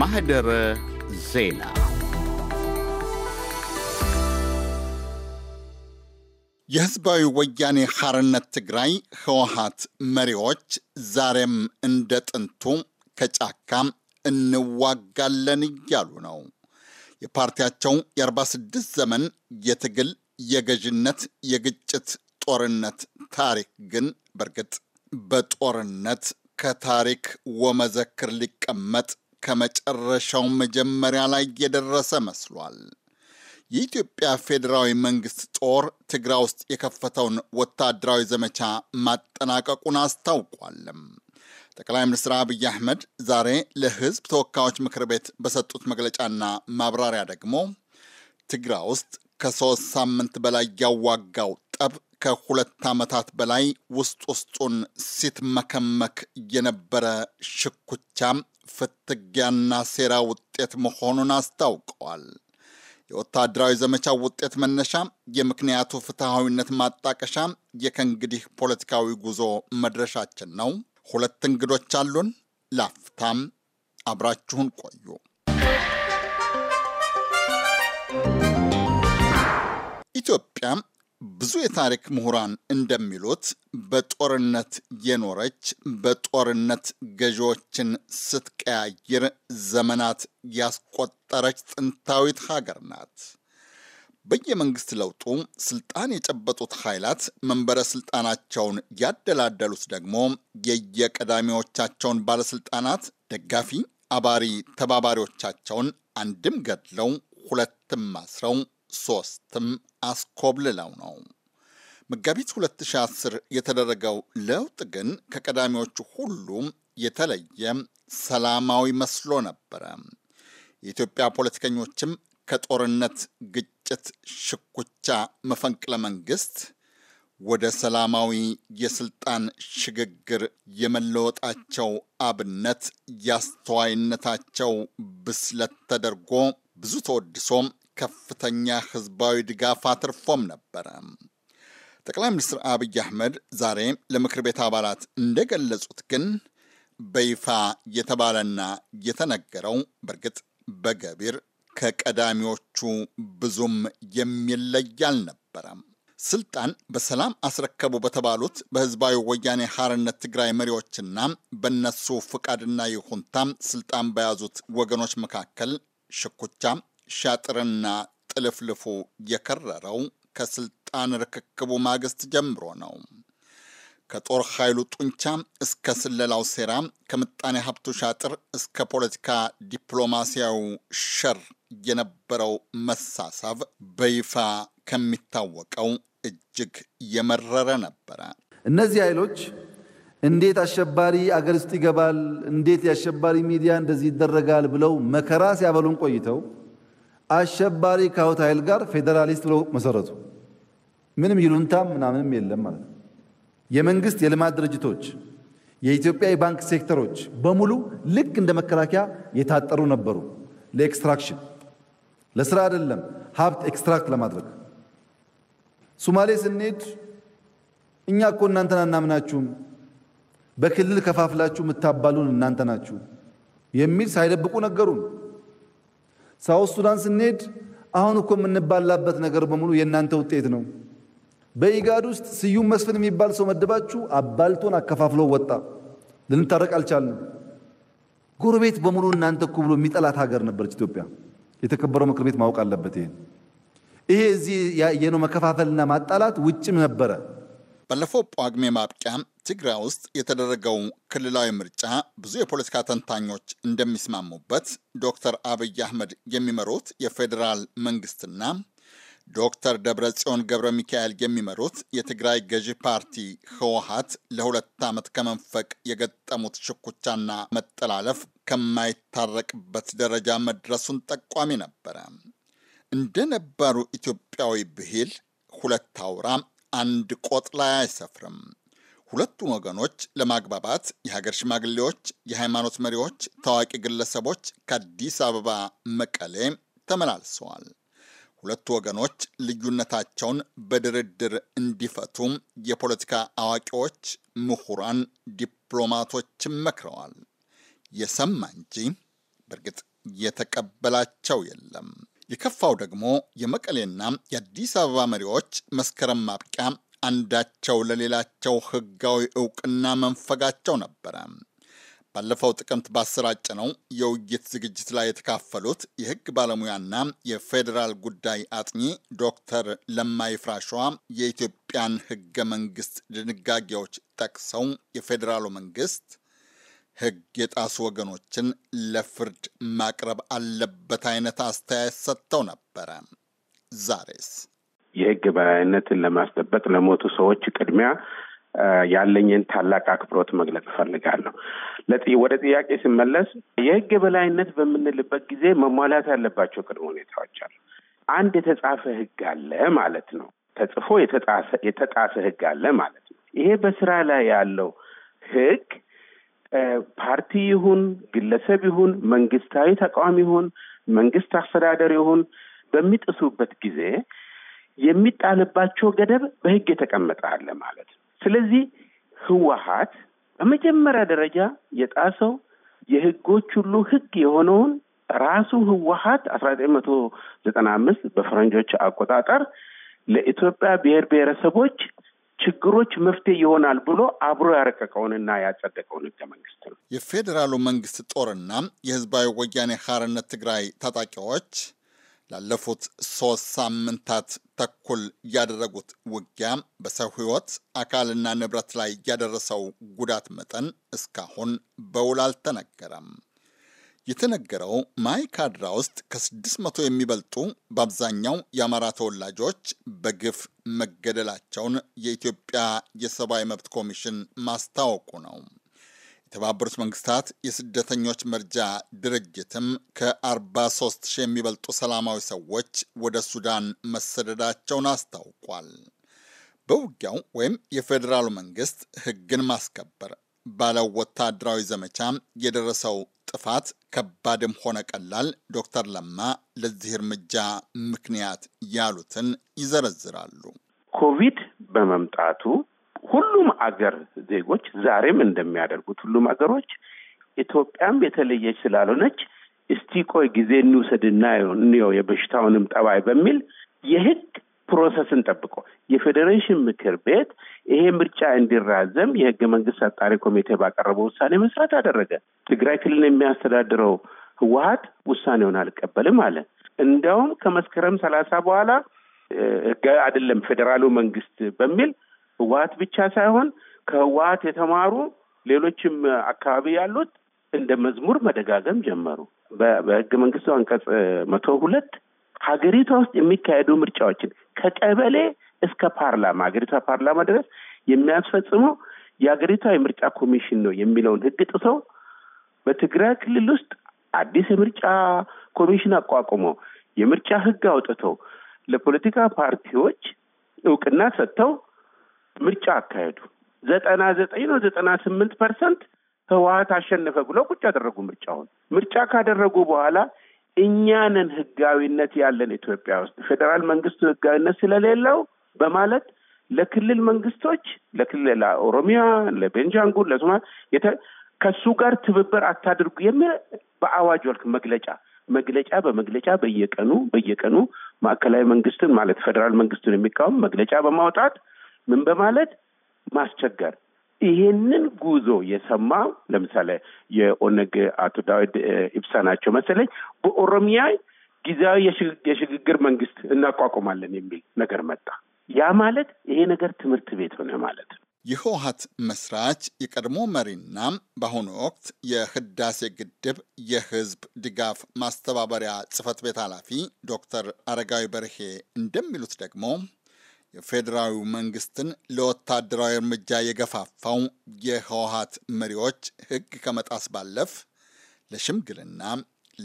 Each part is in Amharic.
ማህደረ ዜና የህዝባዊ ወያኔ ሐርነት ትግራይ ህወሀት መሪዎች ዛሬም እንደ ጥንቱ ከጫካ እንዋጋለን እያሉ ነው። የፓርቲያቸው የ46 ዘመን የትግል የገዥነት፣ የግጭት፣ ጦርነት ታሪክ ግን በእርግጥ በጦርነት ከታሪክ ወመዘክር ሊቀመጥ ከመጨረሻው መጀመሪያ ላይ የደረሰ መስሏል። የኢትዮጵያ ፌዴራዊ መንግስት ጦር ትግራይ ውስጥ የከፈተውን ወታደራዊ ዘመቻ ማጠናቀቁን አስታውቋለም። ጠቅላይ ሚኒስትር አብይ አህመድ ዛሬ ለሕዝብ ተወካዮች ምክር ቤት በሰጡት መግለጫና ማብራሪያ ደግሞ ትግራይ ውስጥ ከሶስት ሳምንት በላይ ያዋጋው ጠብ ከሁለት ዓመታት በላይ ውስጥ ውስጡን ሲትመከመክ የነበረ ሽኩቻም ፍትጊያና ሴራ ውጤት መሆኑን አስታውቀዋል። የወታደራዊ ዘመቻ ውጤት መነሻ፣ የምክንያቱ ፍትሐዊነት ማጣቀሻ፣ የከእንግዲህ ፖለቲካዊ ጉዞ መድረሻችን ነው። ሁለት እንግዶች አሉን። ላፍታም አብራችሁን ቆዩ። ኢትዮጵያ ብዙ የታሪክ ምሁራን እንደሚሉት በጦርነት የኖረች በጦርነት ገዢዎችን ስትቀያይር ዘመናት ያስቆጠረች ጥንታዊት ሀገር ናት። በየመንግስት ለውጡ ስልጣን የጨበጡት ኃይላት መንበረ ስልጣናቸውን ያደላደሉት ደግሞ የየቀዳሚዎቻቸውን ባለስልጣናት ደጋፊ፣ አባሪ ተባባሪዎቻቸውን አንድም ገድለው ሁለትም አስረው ሶስትም አስኮብልለው ነው። መጋቢት 2010 የተደረገው ለውጥ ግን ከቀዳሚዎቹ ሁሉም የተለየ ሰላማዊ መስሎ ነበረ። የኢትዮጵያ ፖለቲከኞችም ከጦርነት፣ ግጭት፣ ሽኩቻ፣ መፈንቅለ መንግስት ወደ ሰላማዊ የስልጣን ሽግግር የመለወጣቸው አብነት ያስተዋይነታቸው ብስለት ተደርጎ ብዙ ተወድሶም ከፍተኛ ህዝባዊ ድጋፍ አትርፎም ነበረ። ጠቅላይ ሚኒስትር አብይ አህመድ ዛሬ ለምክር ቤት አባላት እንደገለጹት ግን በይፋ የተባለና የተነገረው በእርግጥ በገቢር ከቀዳሚዎቹ ብዙም የሚለይ አልነበረም። ስልጣን በሰላም አስረከቡ በተባሉት በህዝባዊ ወያኔ ሐርነት ትግራይ መሪዎችና በነሱ ፍቃድና ይሁንታ ስልጣን በያዙት ወገኖች መካከል ሽኩቻ፣ ሻጥርና ጥልፍልፉ የከረረው ከስልጣን ርክክቡ ማግስት ጀምሮ ነው። ከጦር ኃይሉ ጡንቻ እስከ ስለላው ሴራ፣ ከምጣኔ ሀብቱ ሻጥር እስከ ፖለቲካ ዲፕሎማሲያዊ ሸር የነበረው መሳሳብ በይፋ ከሚታወቀው እጅግ የመረረ ነበረ። እነዚህ ኃይሎች እንዴት አሸባሪ አገር ውስጥ ይገባል፣ እንዴት የአሸባሪ ሚዲያ እንደዚህ ይደረጋል ብለው መከራ ሲያበሉን ቆይተው አሸባሪ ካሁት ኃይል ጋር ፌዴራሊስት ብሎ መሰረቱ። ምንም ይሉንታም ምናምንም የለም ማለት ነው። የመንግስት የልማት ድርጅቶች፣ የኢትዮጵያ የባንክ ሴክተሮች በሙሉ ልክ እንደ መከላከያ የታጠሩ ነበሩ። ለኤክስትራክሽን ለስራ አይደለም፣ ሀብት ኤክስትራክት ለማድረግ ሱማሌ ስንሄድ እኛ እኮ እናንተን አናምናችሁም፣ በክልል ከፋፍላችሁ የምታባሉን እናንተ ናችሁ የሚል ሳይደብቁ ነገሩን። ሳውት ሱዳን ስንሄድ አሁን እኮ የምንባላበት ነገር በሙሉ የእናንተ ውጤት ነው። በኢጋድ ውስጥ ስዩም መስፍን የሚባል ሰው መድባችሁ አባልቶን አከፋፍሎ ወጣ። ልንታረቅ አልቻልንም። ጎረቤት በሙሉ እናንተ እኮ ብሎ የሚጠላት ሀገር ነበረች ኢትዮጵያ። የተከበረው ምክር ቤት ማወቅ አለበት ይሄን። ይሄ እዚህ ያየነው መከፋፈልና ማጣላት ውጭም ነበረ። ባለፈው ጳጉሜ ማብቂያ ትግራይ ውስጥ የተደረገው ክልላዊ ምርጫ ብዙ የፖለቲካ ተንታኞች እንደሚስማሙበት ዶክተር አብይ አህመድ የሚመሩት የፌዴራል መንግስትና ዶክተር ደብረጽዮን ገብረ ሚካኤል የሚመሩት የትግራይ ገዢ ፓርቲ ህወሀት ለሁለት ዓመት ከመንፈቅ የገጠሙት ሽኩቻና መጠላለፍ ከማይታረቅበት ደረጃ መድረሱን ጠቋሚ ነበረ። እንደ ነባሩ ኢትዮጵያዊ ብሂል ሁለት አውራ አንድ ቆጥ ላይ አይሰፍርም። ሁለቱን ወገኖች ለማግባባት የሀገር ሽማግሌዎች፣ የሃይማኖት መሪዎች፣ ታዋቂ ግለሰቦች ከአዲስ አበባ መቀሌ ተመላልሰዋል። ሁለቱ ወገኖች ልዩነታቸውን በድርድር እንዲፈቱም የፖለቲካ አዋቂዎች፣ ምሁራን፣ ዲፕሎማቶችም መክረዋል። የሰማ እንጂ በእርግጥ የተቀበላቸው የለም። የከፋው ደግሞ የመቀሌና የአዲስ አበባ መሪዎች መስከረም ማብቂያ አንዳቸው ለሌላቸው ህጋዊ እውቅና መንፈጋቸው ነበረ። ባለፈው ጥቅምት ባሰራጭ ነው የውይይት ዝግጅት ላይ የተካፈሉት የህግ ባለሙያና የፌዴራል ጉዳይ አጥኚ ዶክተር ለማይ ፍራሸዋ የኢትዮጵያን ህገ መንግስት ድንጋጌዎች ጠቅሰው የፌዴራሉ መንግስት ህግ የጣሱ ወገኖችን ለፍርድ ማቅረብ አለበት አይነት አስተያየት ሰጥተው ነበረ። ዛሬስ የህግ በላይነትን ለማስጠበቅ ለሞቱ ሰዎች ቅድሚያ ያለኝን ታላቅ አክብሮት መግለጽ እፈልጋለሁ። ወደ ጥያቄ ስመለስ የህግ በላይነት በምንልበት ጊዜ መሟላት ያለባቸው ቅድመ ሁኔታዎች አሉ። አንድ የተጻፈ ህግ አለ ማለት ነው። ተጽፎ የተጣሰ ህግ አለ ማለት ነው። ይሄ በስራ ላይ ያለው ህግ ፓርቲ ይሁን ግለሰብ ይሁን መንግስታዊ ተቋም ይሁን መንግስት አስተዳደር ይሁን በሚጥሱበት ጊዜ የሚጣልባቸው ገደብ በህግ የተቀመጠ አለ ማለት ነው። ስለዚህ ህወሀት በመጀመሪያ ደረጃ የጣሰው የህጎች ሁሉ ህግ የሆነውን ራሱ ህወሀት አስራ ዘጠኝ መቶ ዘጠና አምስት በፈረንጆች አቆጣጠር ለኢትዮጵያ ብሔር ብሔረሰቦች ችግሮች መፍትሄ ይሆናል ብሎ አብሮ ያረቀቀውንና ያጸደቀውን ህገ መንግስት ነው። የፌዴራሉ መንግስት ጦርና የህዝባዊ ወያኔ ሀርነት ትግራይ ታጣቂዎች ላለፉት ሶስት ሳምንታት ተኩል ያደረጉት ውጊያ በሰው ሕይወት አካልና ንብረት ላይ ያደረሰው ጉዳት መጠን እስካሁን በውል አልተነገረም። የተነገረው ማይካድራ ውስጥ ከ600 የሚበልጡ በአብዛኛው የአማራ ተወላጆች በግፍ መገደላቸውን የኢትዮጵያ የሰብአዊ መብት ኮሚሽን ማስታወቁ ነው። የተባበሩት መንግስታት የስደተኞች መርጃ ድርጅትም ከ43 ሺህ የሚበልጡ ሰላማዊ ሰዎች ወደ ሱዳን መሰደዳቸውን አስታውቋል። በውጊያው ወይም የፌዴራሉ መንግስት ህግን ማስከበር ባለው ወታደራዊ ዘመቻ የደረሰው ጥፋት ከባድም ሆነ ቀላል ዶክተር ለማ ለዚህ እርምጃ ምክንያት ያሉትን ይዘረዝራሉ። ኮቪድ በመምጣቱ ሁሉም አገር ዜጎች ዛሬም እንደሚያደርጉት ሁሉም አገሮች ኢትዮጵያም የተለየች ስላልሆነች እስቲ ቆይ ጊዜ እንውሰድና እንየው የበሽታውንም ጠባይ በሚል የህግ ፕሮሰስን ጠብቆ የፌዴሬሽን ምክር ቤት ይሄ ምርጫ እንዲራዘም የህገ መንግስት አጣሪ ኮሚቴ ባቀረበው ውሳኔ መስራት አደረገ። ትግራይ ክልል የሚያስተዳድረው ህወሀት ውሳኔውን አልቀበልም አለ። እንዲያውም ከመስከረም ሰላሳ በኋላ ህገ አይደለም ፌዴራሉ መንግስት በሚል ህወሀት ብቻ ሳይሆን ከህወሀት የተማሩ ሌሎችም አካባቢ ያሉት እንደ መዝሙር መደጋገም ጀመሩ። በህገ መንግስቱ አንቀጽ መቶ ሁለት ሀገሪቷ ውስጥ የሚካሄዱ ምርጫዎችን ከቀበሌ እስከ ፓርላማ ሀገሪቷ ፓርላማ ድረስ የሚያስፈጽመው የሀገሪቷ የምርጫ ኮሚሽን ነው የሚለውን ህግ ጥሰው በትግራይ ክልል ውስጥ አዲስ የምርጫ ኮሚሽን አቋቁመው የምርጫ ህግ አውጥተው ለፖለቲካ ፓርቲዎች እውቅና ሰጥተው ምርጫ አካሄዱ። ዘጠና ዘጠኝ ነው ዘጠና ስምንት ፐርሰንት ህወሀት አሸነፈ ብለው ቁጭ ያደረጉ ምርጫውን። ምርጫ ካደረጉ በኋላ እኛንን ህጋዊነት ያለን ኢትዮጵያ ውስጥ ፌዴራል መንግስቱ ህጋዊነት ስለሌለው በማለት ለክልል መንግስቶች ለክልል ለኦሮሚያ፣ ለቤንሻንጉል፣ ለሶማሌ ከሱ ጋር ትብብር አታድርጉ የሚል በአዋጅ ወልክ መግለጫ መግለጫ በመግለጫ በየቀኑ በየቀኑ ማዕከላዊ መንግስትን ማለት ፌዴራል መንግስቱን የሚቃወም መግለጫ በማውጣት ምን በማለት ማስቸገር። ይሄንን ጉዞ የሰማ ለምሳሌ የኦነግ አቶ ዳዊድ ኢብሳ ናቸው መሰለኝ በኦሮሚያ ጊዜያዊ የሽግግር መንግስት እናቋቁማለን የሚል ነገር መጣ። ያ ማለት ይሄ ነገር ትምህርት ቤት ሆነ ማለት ነው። የህወሀት መስራች የቀድሞ መሪና በአሁኑ ወቅት የህዳሴ ግድብ የህዝብ ድጋፍ ማስተባበሪያ ጽህፈት ቤት ኃላፊ ዶክተር አረጋዊ በርሄ እንደሚሉት ደግሞ የፌዴራዊ መንግስትን ለወታደራዊ እርምጃ የገፋፋው የህወሀት መሪዎች ህግ ከመጣስ ባለፍ ለሽምግልና፣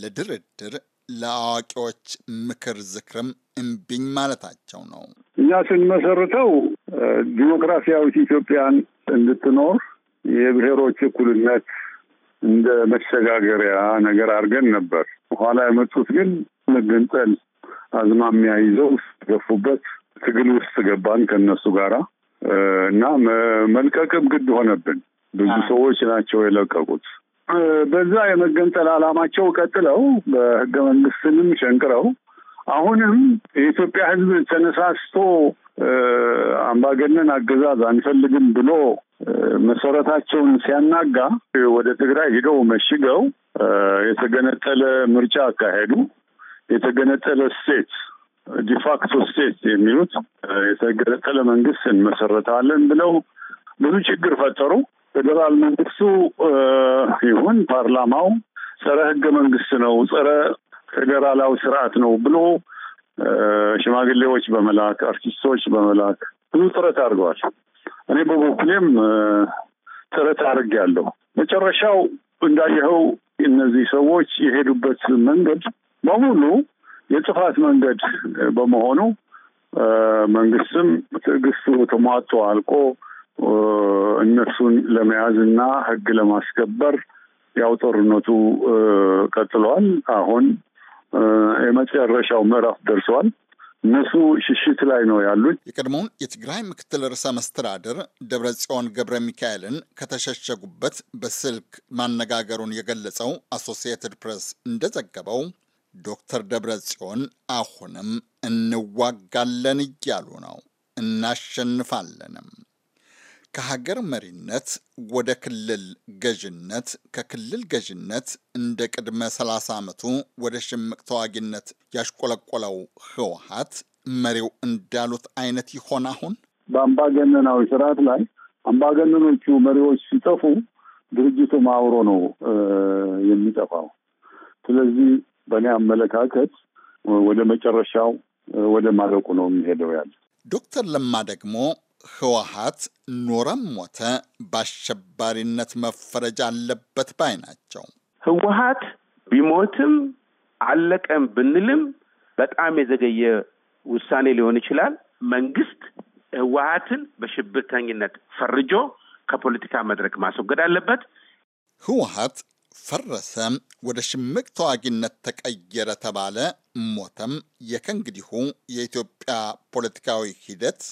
ለድርድር፣ ለአዋቂዎች ምክር ዝክርም እምቢኝ ማለታቸው ነው። እኛ ስንመሰርተው ዲሞክራሲያዊት ኢትዮጵያን እንድትኖር የብሔሮች እኩልነት እንደ መሸጋገሪያ ነገር አድርገን ነበር። በኋላ የመጡት ግን መገንጠል አዝማሚያ ይዘው ገፉበት። ትግል ውስጥ ገባን ከነሱ ጋራ እና መልቀቅም ግድ ሆነብን። ብዙ ሰዎች ናቸው የለቀቁት። በዛ የመገንጠል አላማቸው ቀጥለው በህገ መንግስትንም ሸንቅረው አሁንም የኢትዮጵያ ህዝብ ተነሳስቶ አምባገነን አገዛዝ አንፈልግም ብሎ መሰረታቸውን ሲያናጋ ወደ ትግራይ ሂደው መሽገው የተገነጠለ ምርጫ አካሄዱ። የተገነጠለ ስቴት ዲፋክቶ ስቴት የሚሉት የተገነጠለ መንግስት እንመሰረታለን ብለው ብዙ ችግር ፈጠሩ። ፌዴራል መንግስቱ ይሁን ፓርላማው ጸረ ህገ መንግስት ነው፣ ጸረ ፌዴራላዊ ስርዓት ነው ብሎ ሽማግሌዎች በመላክ አርቲስቶች በመላክ ብዙ ጥረት አድርገዋል። እኔ በበኩሌም ጥረት አድርጌያለሁ። መጨረሻው እንዳየኸው እነዚህ ሰዎች የሄዱበት መንገድ በሙሉ የጥፋት መንገድ በመሆኑ መንግስትም ትዕግስቱ ተሟጦ አልቆ እነሱን ለመያዝ እና ህግ ለማስከበር ያው ጦርነቱ ቀጥሏል። አሁን የመጨረሻው ምዕራፍ ደርሰዋል። እነሱ ሽሽት ላይ ነው ያሉት። የቀድሞውን የትግራይ ምክትል ርዕሰ መስተዳድር ጽዮን ገብረ ሚካኤልን ከተሸሸጉበት በስልክ ማነጋገሩን የገለጸው አሶሲየትድ ፕሬስ እንደዘገበው ዶክተር ደብረ ጽዮን አሁንም እንዋጋለን እያሉ ነው፣ እናሸንፋለንም። ከሀገር መሪነት ወደ ክልል ገዥነት፣ ከክልል ገዥነት እንደ ቅድመ 30 ዓመቱ ወደ ሽምቅ ተዋጊነት ያሽቆለቆለው ህወሀት መሪው እንዳሉት አይነት ይሆን? አሁን በአምባገነናዊ ስርዓት ላይ አምባገነኖቹ መሪዎች ሲጠፉ ድርጅቱም አብሮ ነው የሚጠፋው። ስለዚህ በእኔ አመለካከት ወደ መጨረሻው ወደ ማለቁ ነው የሚሄደው ያለ። ዶክተር ለማ ደግሞ ህወሀት ኖረም ሞተ በአሸባሪነት መፈረጃ አለበት ባይ ናቸው። ህወሀት ቢሞትም አለቀም ብንልም በጣም የዘገየ ውሳኔ ሊሆን ይችላል። መንግስት ህወሀትን በሽብርተኝነት ፈርጆ ከፖለቲካ መድረክ ማስወገድ አለበት። ህወሀት ፈረሰ፣ ወደ ሽምቅ ተዋጊነት ተቀየረ ተባለ፣ ሞተም። የከእንግዲሁ የኢትዮጵያ ፖለቲካዊ ሂደት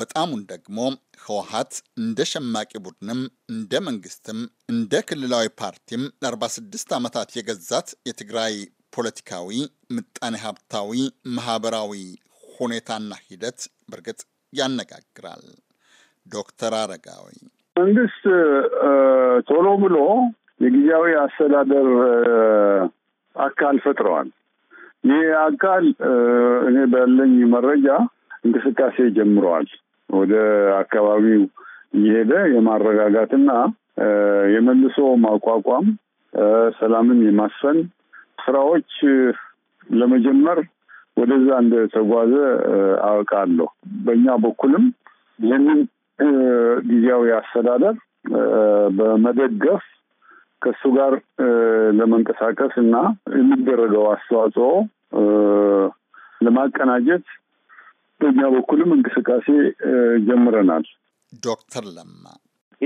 በጣሙን ደግሞ ህወሀት እንደ ሸማቂ ቡድንም እንደ መንግስትም እንደ ክልላዊ ፓርቲም ለ46 ዓመታት የገዛት የትግራይ ፖለቲካዊ፣ ምጣኔ ሀብታዊ፣ ማህበራዊ ሁኔታና ሂደት በእርግጥ ያነጋግራል። ዶክተር አረጋዊ መንግስት ቶሎ ብሎ የጊዜያዊ አስተዳደር አካል ፈጥረዋል። ይህ አካል እኔ ባለኝ መረጃ እንቅስቃሴ ጀምረዋል። ወደ አካባቢው እየሄደ የማረጋጋትና የመልሶ ማቋቋም ሰላምን የማስፈን ስራዎች ለመጀመር ወደዛ እንደተጓዘ አውቃለሁ። በእኛ በኩልም ይህንን ጊዜያዊ አስተዳደር በመደገፍ ከእሱ ጋር ለመንቀሳቀስ እና የሚደረገው አስተዋጽኦ ለማቀናጀት በእኛ በኩልም እንቅስቃሴ ጀምረናል። ዶክተር ለማ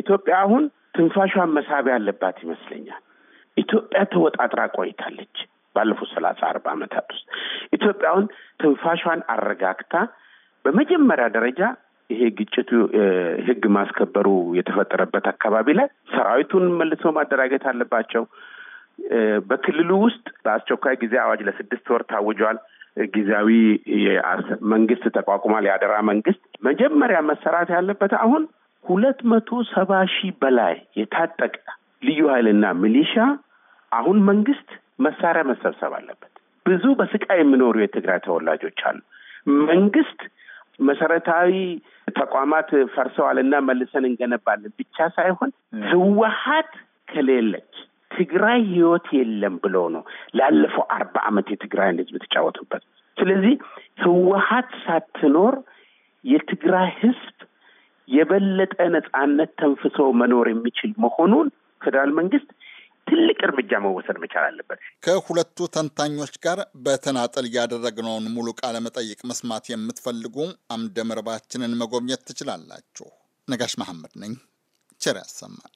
ኢትዮጵያ አሁን ትንፋሿን መሳብ ያለባት ይመስለኛል። ኢትዮጵያ ተወጣጥራ ቆይታለች። ባለፉት ሰላሳ አርባ ዓመታት ውስጥ ኢትዮጵያ አሁን ትንፋሿን አረጋግታ በመጀመሪያ ደረጃ ይሄ ግጭቱ ህግ ማስከበሩ የተፈጠረበት አካባቢ ላይ ሰራዊቱን መልሶ ማደራጀት አለባቸው። በክልሉ ውስጥ በአስቸኳይ ጊዜ አዋጅ ለስድስት ወር ታውጇል። ጊዜያዊ መንግስት ተቋቁሟል። የአደራ መንግስት መጀመሪያ መሰራት ያለበት አሁን ሁለት መቶ ሰባ ሺህ በላይ የታጠቀ ልዩ ኃይልና ሚሊሻ አሁን መንግስት መሳሪያ መሰብሰብ አለበት። ብዙ በስቃይ የሚኖሩ የትግራይ ተወላጆች አሉ። መንግስት መሰረታዊ ተቋማት ፈርሰዋል እና መልሰን እንገነባለን ብቻ ሳይሆን ህወሀት ከሌለች ትግራይ ህይወት የለም ብሎ ነው ላለፈው አርባ አመት የትግራይን ህዝብ የተጫወቱበት። ስለዚህ ህወሀት ሳትኖር የትግራይ ህዝብ የበለጠ ነጻነት ተንፍሶ መኖር የሚችል መሆኑን ፌዴራል መንግስት ትልቅ እርምጃ መወሰድ መቻል አለበት። ከሁለቱ ተንታኞች ጋር በተናጠል ያደረግነውን ሙሉ ቃለ መጠይቅ መስማት የምትፈልጉ አምደ መረባችንን መጎብኘት ትችላላችሁ። ነጋሽ መሐመድ ነኝ። ቸር ያሰማል።